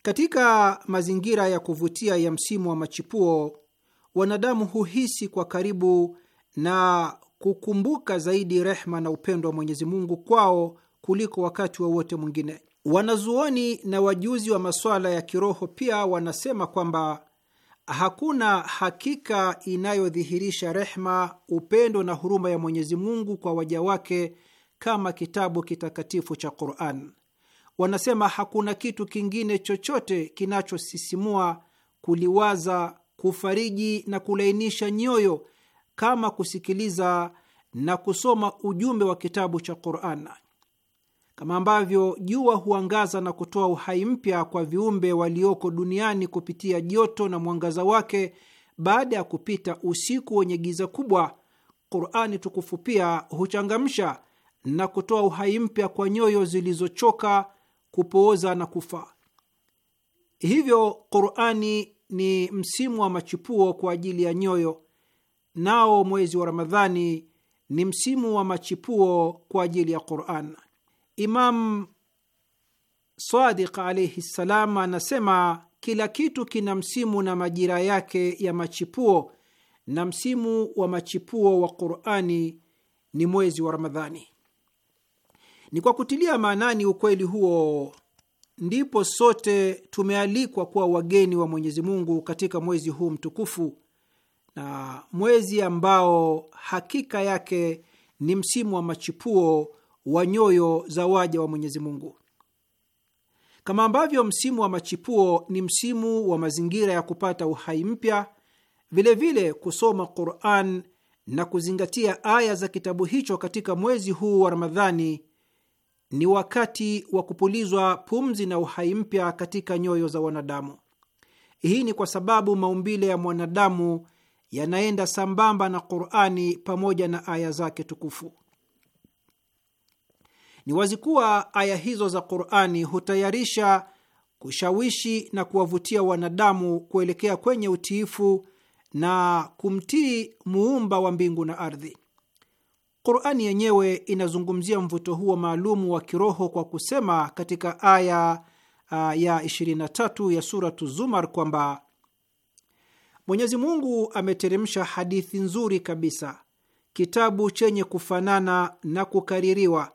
Katika mazingira ya kuvutia ya msimu wa machipuo, wanadamu huhisi kwa karibu na kukumbuka zaidi rehma na upendo wa Mwenyezi Mungu kwao kuliko wakati wowote wa mwingine. Wanazuoni na wajuzi wa masuala ya kiroho pia wanasema kwamba hakuna hakika inayodhihirisha rehma, upendo na huruma ya Mwenyezi Mungu kwa waja wake kama kitabu kitakatifu cha Quran. Wanasema hakuna kitu kingine chochote kinachosisimua, kuliwaza, kufariji na kulainisha nyoyo kama kusikiliza na kusoma ujumbe wa kitabu cha Quran kama ambavyo jua huangaza na kutoa uhai mpya kwa viumbe walioko duniani kupitia joto na mwangaza wake baada ya kupita usiku wenye giza kubwa, Qurani tukufu pia huchangamsha na kutoa uhai mpya kwa nyoyo zilizochoka, kupooza na kufa. Hivyo Qurani ni msimu wa machipuo kwa ajili ya nyoyo, nao mwezi wa Ramadhani ni msimu wa machipuo kwa ajili ya Quran. Imam Sadiq alaihi ssalam anasema kila kitu kina msimu na majira yake ya machipuo, na msimu wa machipuo wa Qurani ni mwezi wa Ramadhani. Ni kwa kutilia maanani ukweli huo ndipo sote tumealikwa kuwa wageni wa Mwenyezi Mungu katika mwezi huu mtukufu, na mwezi ambao hakika yake ni msimu wa machipuo wa nyoyo za waja wa Mwenyezi Mungu. Kama ambavyo msimu wa machipuo ni msimu wa mazingira ya kupata uhai mpya, vilevile kusoma Quran na kuzingatia aya za kitabu hicho katika mwezi huu wa Ramadhani ni wakati wa kupulizwa pumzi na uhai mpya katika nyoyo za wanadamu. Hii ni kwa sababu maumbile ya mwanadamu yanaenda sambamba na Qurani pamoja na aya zake tukufu. Ni wazi kuwa aya hizo za Qur'ani hutayarisha, kushawishi na kuwavutia wanadamu kuelekea kwenye utiifu na kumtii muumba wa mbingu na ardhi. Qur'ani yenyewe inazungumzia mvuto huo maalumu wa kiroho kwa kusema katika aya ya 23 ya suratu Zumar kwamba Mwenyezi Mungu ameteremsha hadithi nzuri kabisa, kitabu chenye kufanana na kukaririwa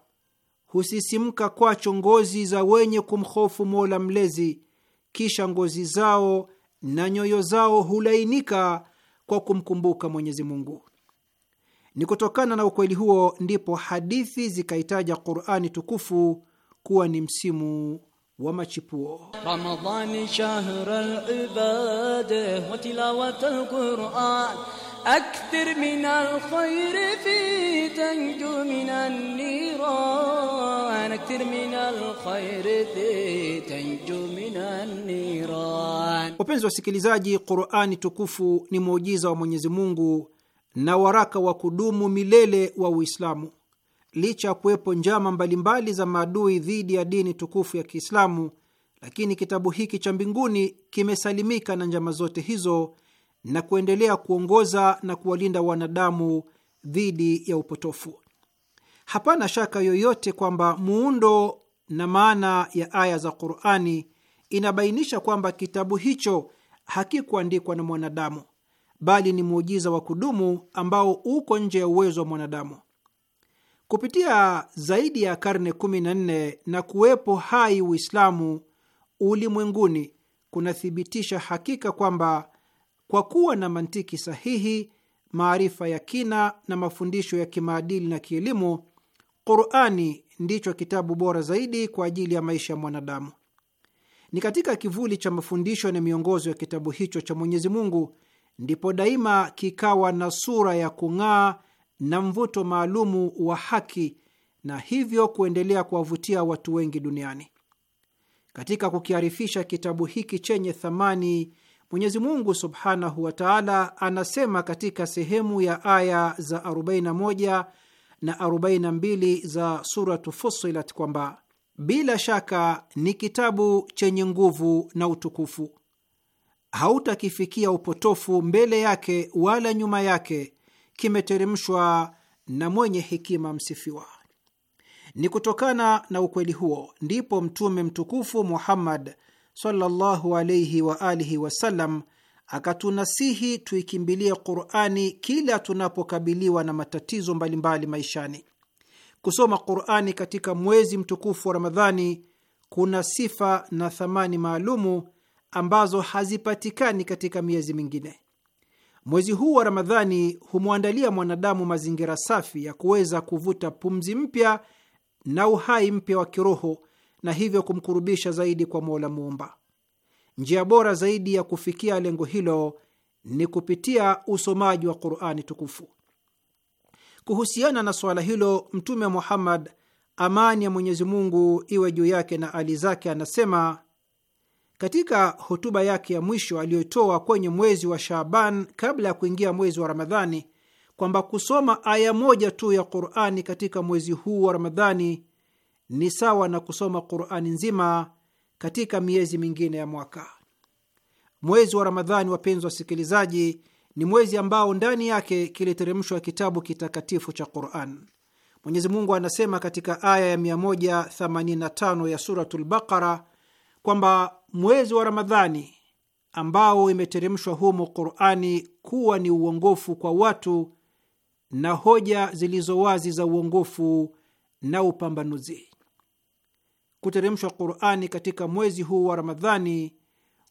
husisimka kwacho ngozi za wenye kumhofu Mola Mlezi, kisha ngozi zao na nyoyo zao hulainika kwa kumkumbuka Mwenyezi Mungu. Ni kutokana na ukweli huo ndipo hadithi zikaitaja Qurani tukufu kuwa ni msimu wa machipuo. Ramadhani ibada wa quran أكثر من الخير في تنجو من النيران أكثر من الخير في تنجو من النيران Wapenzi wasikilizaji, Qur'ani tukufu ni muujiza wa Mwenyezi Mungu na waraka wa kudumu milele wa Uislamu. Licha ya kuwepo njama mbalimbali za maadui dhidi ya dini tukufu ya Kiislamu, lakini kitabu hiki cha mbinguni kimesalimika na njama zote hizo na kuendelea kuongoza na kuwalinda wanadamu dhidi ya upotofu. Hapana shaka yoyote kwamba muundo na maana ya aya za Qur'ani inabainisha kwamba kitabu hicho hakikuandikwa na mwanadamu, bali ni muujiza wa kudumu ambao uko nje ya uwezo wa mwanadamu. Kupitia zaidi ya karne 14 na kuwepo hai Uislamu ulimwenguni kunathibitisha hakika kwamba kwa kuwa na mantiki sahihi, maarifa ya kina na mafundisho ya kimaadili na kielimu, Qurani ndicho kitabu bora zaidi kwa ajili ya maisha ya mwanadamu. Ni katika kivuli cha mafundisho na miongozo ya kitabu hicho cha Mwenyezi Mungu ndipo daima kikawa na sura ya kung'aa na mvuto maalumu wa haki, na hivyo kuendelea kuwavutia watu wengi duniani. Katika kukiarifisha kitabu hiki chenye thamani Mwenyezi Mungu subhanahu wa taala anasema katika sehemu ya aya za 41 na 42 za Suratu Fusilat kwamba bila shaka ni kitabu chenye nguvu na utukufu, hautakifikia upotofu mbele yake wala nyuma yake, kimeteremshwa na mwenye hekima msifiwa. Ni kutokana na ukweli huo ndipo Mtume mtukufu Muhammad sallallahu alayhi wa alihi wasallam akatunasihi tuikimbilie Qurani kila tunapokabiliwa na matatizo mbalimbali maishani. Kusoma Qurani katika mwezi mtukufu wa Ramadhani kuna sifa na thamani maalumu ambazo hazipatikani katika miezi mingine. Mwezi huu wa Ramadhani humwandalia mwanadamu mazingira safi ya kuweza kuvuta pumzi mpya na uhai mpya wa kiroho na hivyo kumkurubisha zaidi kwa Mola Muumba. Njia bora zaidi ya kufikia lengo hilo ni kupitia usomaji wa Qurani Tukufu. Kuhusiana na suala hilo, Mtume Muhammad, amani ya Mwenyezi Mungu iwe juu yake na ali zake, anasema katika hotuba yake ya mwisho aliyotoa kwenye mwezi wa Shaaban kabla ya kuingia mwezi wa Ramadhani kwamba kusoma aya moja tu ya Qurani katika mwezi huu wa Ramadhani ni sawa na kusoma Qurani nzima katika miezi mingine ya mwaka. Mwezi wa Ramadhani, wapenzi wasikilizaji, ni mwezi ambao ndani yake kiliteremshwa kitabu kitakatifu cha Quran. Mwenyezi Mungu anasema katika aya ya 185 ya Suratul Baqara kwamba mwezi wa Ramadhani ambao imeteremshwa humo Qurani kuwa ni uongofu kwa watu na hoja zilizo wazi za uongofu na upambanuzi kuteremshwa Qurani katika mwezi huu wa Ramadhani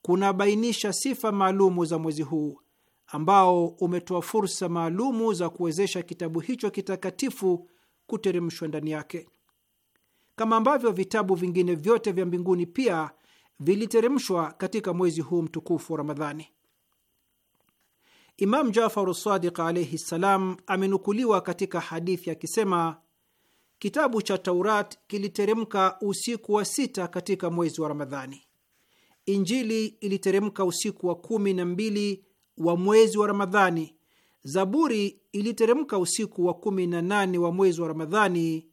kunabainisha sifa maalumu za mwezi huu ambao umetoa fursa maalumu za kuwezesha kitabu hicho kitakatifu kuteremshwa ndani yake, kama ambavyo vitabu vingine vyote vya mbinguni pia viliteremshwa katika mwezi huu mtukufu wa Ramadhani. Imam Jafaru Sadiq alaihi ssalam amenukuliwa katika hadithi akisema kitabu cha Taurat kiliteremka usiku wa sita katika mwezi wa Ramadhani. Injili iliteremka usiku wa kumi na mbili wa mwezi wa Ramadhani. Zaburi iliteremka usiku wa kumi na nane wa mwezi wa Ramadhani,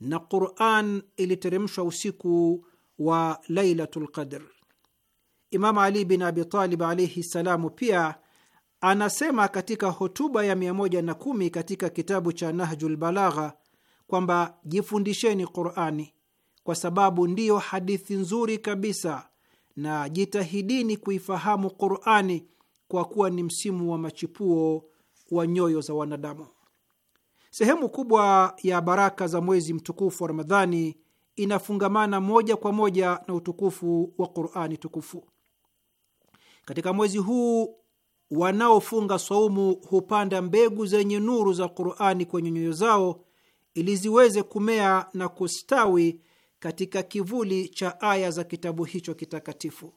na Quran iliteremshwa usiku wa Lailatul Qadr. imamu Ali bin Abitalib alaihi ssalamu pia anasema katika hotuba ya 110 katika kitabu cha Nahjul Balagha kwamba jifundisheni Qur'ani kwa sababu ndiyo hadithi nzuri kabisa, na jitahidini kuifahamu Qur'ani kwa kuwa ni msimu wa machipuo wa nyoyo za wanadamu. Sehemu kubwa ya baraka za mwezi mtukufu wa Ramadhani inafungamana moja kwa moja na utukufu wa Qur'ani tukufu. Katika mwezi huu wanaofunga saumu hupanda mbegu zenye nuru za Qur'ani kwenye nyoyo zao ili ziweze kumea na kustawi katika kivuli cha aya za kitabu hicho kitakatifu.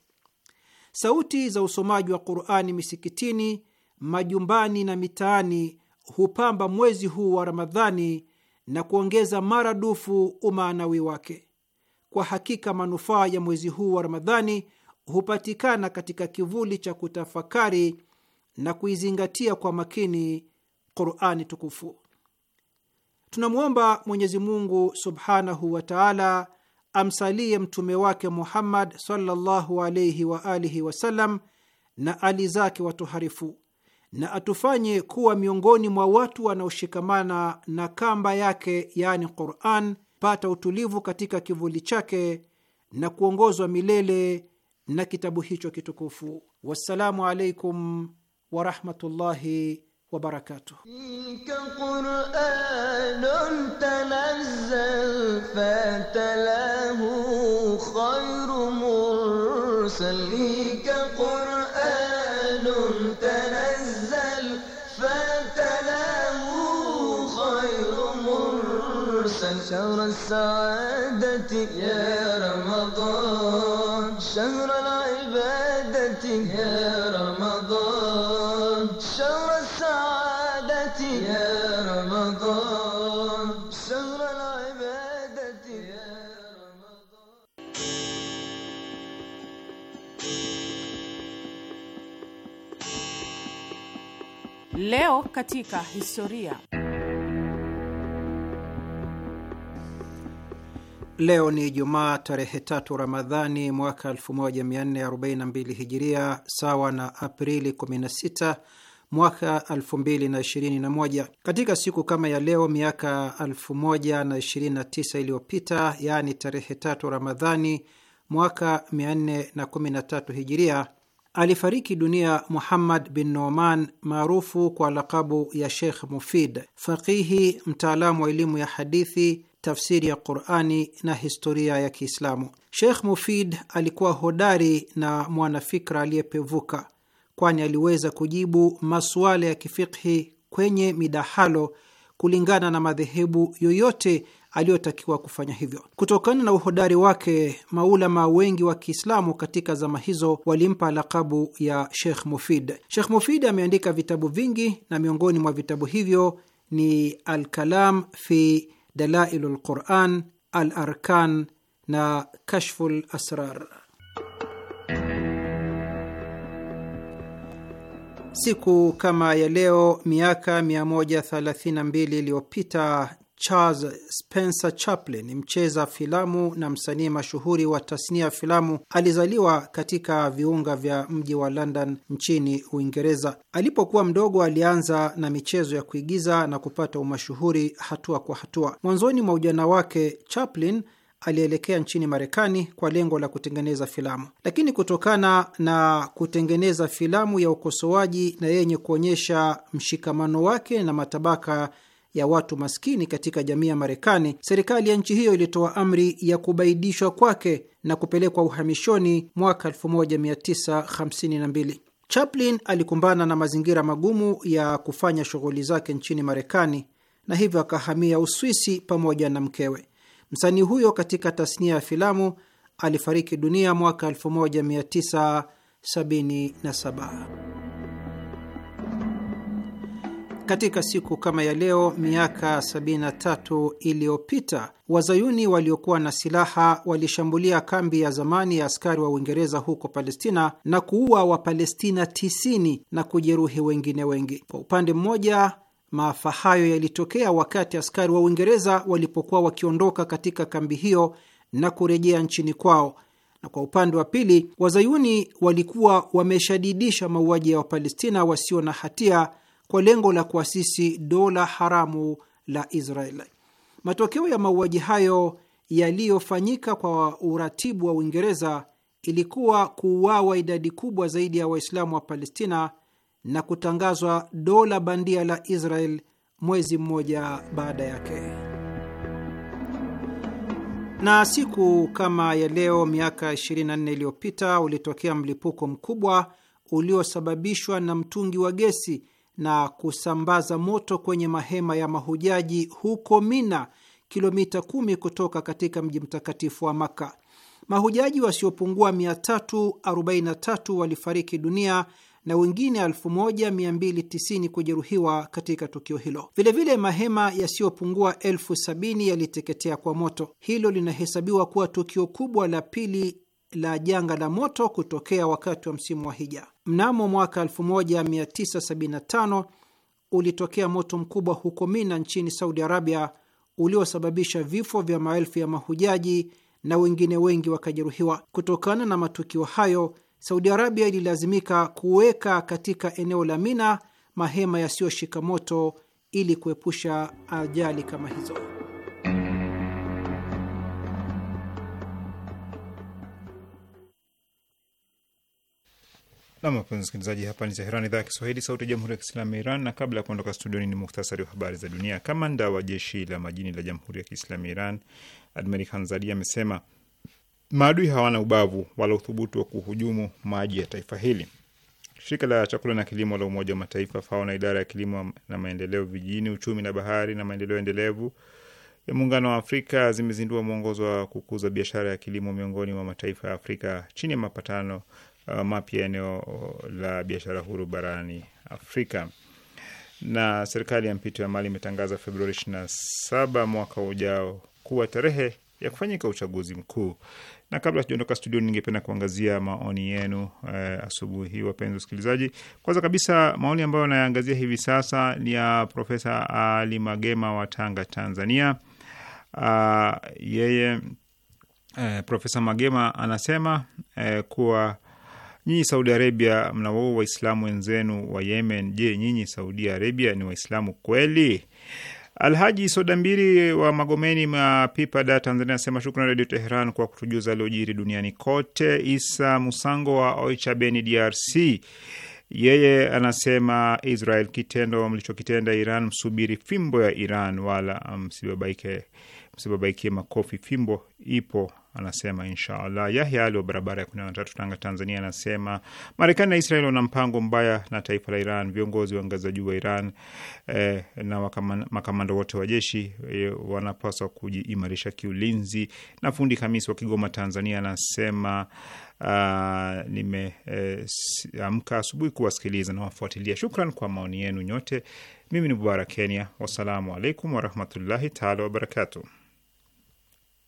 Sauti za usomaji wa Qurani misikitini, majumbani na mitaani hupamba mwezi huu wa Ramadhani na kuongeza maradufu umaanawi wake. Kwa hakika manufaa ya mwezi huu wa Ramadhani hupatikana katika kivuli cha kutafakari na kuizingatia kwa makini Qurani tukufu. Tunamwomba Mwenyezi Mungu subhanahu wa taala amsalie mtume wake Muhammad sallallahu alaihi wa alihi wasallam na ali zake watoharifu na atufanye kuwa miongoni mwa watu wanaoshikamana na kamba yake, yaani Quran, pata utulivu katika kivuli chake na kuongozwa milele na kitabu hicho kitukufu. Wassalamu alaikum warahmatullahi وبركاته قرآن تنزل خير مرسل قرآن تنزل خير مرسل شهر السعادة يا رمضان شهر العبادة يا رمضان Leo katika historia. Leo ni Jumaa tarehe tatu Ramadhani mwaka 1442 Hijiria, sawa na Aprili 16 mwaka 2021. Katika siku kama ya leo miaka 1029 iliyopita, yaani tarehe tatu Ramadhani mwaka 413 Hijiria, alifariki dunia Muhammad bin Noman maarufu kwa lakabu ya Sheikh Mufid, faqihi mtaalamu wa elimu ya hadithi, tafsiri ya Qurani na historia ya Kiislamu. Sheikh Mufid alikuwa hodari na mwanafikra aliyepevuka, kwani aliweza kujibu masuala ya kifikhi kwenye midahalo kulingana na madhehebu yoyote aliyotakiwa kufanya hivyo. Kutokana na uhodari wake, maulama wengi wa Kiislamu katika zama hizo walimpa lakabu ya Shekh Mufid. Shekh Mufid ameandika vitabu vingi na miongoni mwa vitabu hivyo ni Alkalam fi Dalailu lquran, Al Arkan na Kashfu Lasrar. Siku kama ya leo miaka 132 iliyopita Charles Spencer Chaplin, mcheza filamu na msanii mashuhuri wa tasnia ya filamu, alizaliwa katika viunga vya mji wa London nchini Uingereza. Alipokuwa mdogo, alianza na michezo ya kuigiza na kupata umashuhuri hatua kwa hatua. Mwanzoni mwa ujana wake, Chaplin alielekea nchini Marekani kwa lengo la kutengeneza filamu, lakini kutokana na kutengeneza filamu ya ukosoaji na yenye kuonyesha mshikamano wake na matabaka ya watu maskini katika jamii ya Marekani, serikali ya nchi hiyo ilitoa amri ya kubaidishwa kwake na kupelekwa uhamishoni mwaka 1952. Chaplin alikumbana na mazingira magumu ya kufanya shughuli zake nchini Marekani na hivyo akahamia Uswisi pamoja na mkewe. Msanii huyo katika tasnia ya filamu alifariki dunia mwaka 1977. Katika siku kama ya leo miaka 73 iliyopita wazayuni waliokuwa na silaha walishambulia kambi ya zamani ya askari wa Uingereza huko Palestina na kuua Wapalestina 90 na kujeruhi wengine wengi. Kwa upande mmoja, maafa hayo yalitokea wakati askari wa Uingereza walipokuwa wakiondoka katika kambi hiyo na kurejea nchini kwao, na kwa upande wa pili, wazayuni walikuwa wameshadidisha mauaji ya Wapalestina wasio na hatia kwa lengo la kuasisi dola haramu la israel Matokeo ya mauaji hayo yaliyofanyika kwa uratibu wa Uingereza ilikuwa kuuawa idadi kubwa zaidi ya Waislamu wa Palestina na kutangazwa dola bandia la Israel mwezi mmoja baada yake. Na siku kama ya leo miaka 24 iliyopita ulitokea mlipuko mkubwa uliosababishwa na mtungi wa gesi na kusambaza moto kwenye mahema ya mahujaji huko Mina, kilomita kumi kutoka katika mji mtakatifu wa Maka. Mahujaji wasiopungua 343 walifariki dunia na wengine 1290 kujeruhiwa katika tukio hilo. Vilevile, mahema yasiyopungua elfu sabini yaliteketea kwa moto. Hilo linahesabiwa kuwa tukio kubwa la pili la janga la moto kutokea wakati wa msimu wa hija. Mnamo mwaka 1975 ulitokea moto mkubwa huko Mina nchini Saudi Arabia uliosababisha vifo vya maelfu ya mahujaji na wengine wengi wakajeruhiwa. Kutokana na matukio hayo, Saudi Arabia ililazimika kuweka katika eneo la Mina mahema yasiyoshika moto ili kuepusha ajali kama hizo. Nam, wapenzi msikilizaji, hapa ni Teherani, idhaa ya Kiswahili, sauti ya jamhuri ya kiislamu ya Iran. Na kabla ya kuondoka studioni, ni muhtasari wa habari za dunia. Kamanda wa jeshi la majini la jamhuri ya kiislamu ya Iran Admeri Hanzadi, amesema maadui hawana ubavu wala uthubutu wa kuhujumu maji ya taifa hili. Shirika la chakula na kilimo la Umoja wa Mataifa FAO na idara ya kilimo na maendeleo vijijini, uchumi na bahari na maendeleo endelevu ya Muungano wa Afrika zimezindua mwongozo wa kukuza biashara ya kilimo miongoni mwa mataifa ya Afrika chini ya mapatano Uh, mapya eneo uh, la biashara huru barani Afrika. Na serikali ya mpito ya Mali imetangaza Februari 27 mwaka ujao kuwa tarehe ya kufanyika uchaguzi mkuu. Na kabla hatujaondoka studio, ningependa kuangazia maoni yenu eh, asubuhi hii wapenzi wasikilizaji. Kwanza kabisa maoni ambayo anayaangazia hivi sasa ni ya Profesa Ali Magema wa Tanga, Tanzania. Uh, yeye eh, Profesa Magema anasema eh, kuwa Nyinyi Saudi Arabia mnawaua Waislamu wenzenu wa Yemen. Je, nyinyi Saudi Arabia ni Waislamu kweli? Alhaji mbiri wa Magomeni, Mapipa, da Tanzania anasema shukran radio Teheran kwa kutujuza aliojiri duniani kote. Isa Musango wa Oicha, Beni, DRC, yeye anasema Israel, kitendo mlichokitenda Iran, msubiri fimbo ya Iran wala msibabaike, msibabaikie makofi, fimbo ipo anasema inshaallah. Yahya Ali wa barabara ya kumi na tatu, Tanga, Tanzania, anasema Marekani na Israel wana mpango mbaya na taifa la Iran. Viongozi wa ngazi juu wa Iran eh, na makamanda wote wa jeshi eh, wanapaswa kujiimarisha kiulinzi. Na fundi Hamisi wa Kigoma, Tanzania, anasema Uh, ah, nimeamka eh, asubuhi kuwasikiliza na wafuatilia. Shukran kwa maoni yenu nyote. Mimi ni Bubara Kenya, wassalamu alaikum warahmatullahi taala wabarakatuh.